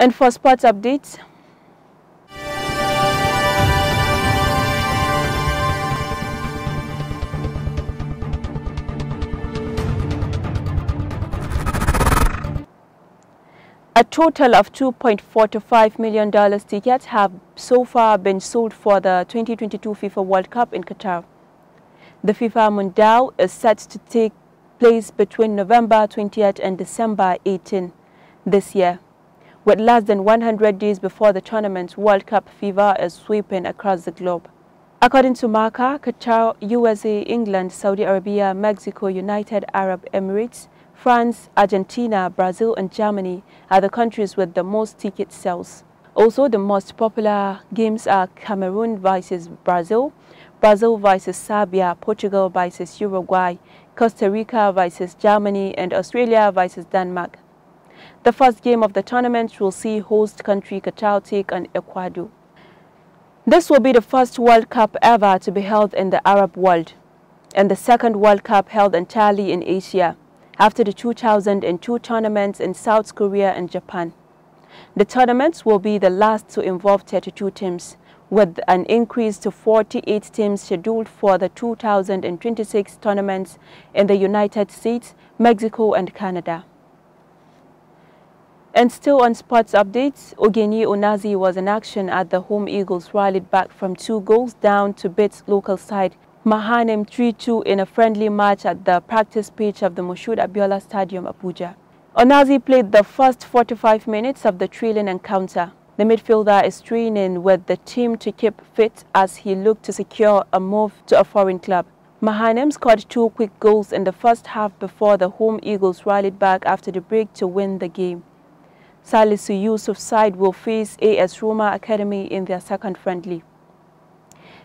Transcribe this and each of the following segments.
And for sports updates, A total of $2.45 million tickets have so far been sold for the 2022 FIFA World Cup in Qatar. The FIFA Mundial is set to take place between November 20th and December 18 this year with less than 100 days before the tournament, World Cup fever is sweeping across the globe. According to Marca, Qatar, USA, England, Saudi Arabia, Mexico, United Arab Emirates, France, Argentina, Brazil and Germany are the countries with the most ticket sales. Also, the most popular games are Cameroon vs Brazil, Brazil vs Serbia, Portugal vs Uruguay, Costa Rica vs Germany, and Australia vs Denmark. The first game of the tournament will see host country Qatar take on Ecuador. This will be the first World Cup ever to be held in the Arab world and the second World Cup held entirely in Asia after the 2002 tournaments in South Korea and Japan. The tournaments will be the last to involve 32 teams, with an increase to 48 teams scheduled for the 2026 tournaments in the United States, Mexico and Canada. And still on sports updates, Ogeni Onazi was in action at the home Eagles rallied back from two goals down to beat local side Mahanem 3-2 in a friendly match at the practice pitch of the Moshood Abiola Stadium, Abuja. Onazi played the first 45 minutes of the trailing encounter. The midfielder is training with the team to keep fit as he looked to secure a move to a foreign club. Mahanem scored two quick goals in the first half before the home Eagles rallied back after the break to win the game. Salisu Yusuf side will face AS Roma Academy in their second friendly.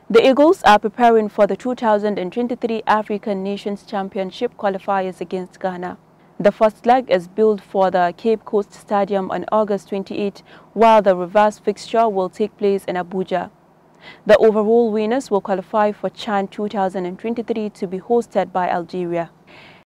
The Eagles are preparing for the 2023 African Nations Championship qualifiers against Ghana. The first leg is billed for the Cape Coast Stadium on August 28, while the reverse fixture will take place in Abuja. The overall winners will qualify for CHAN 2023 to be hosted by Algeria.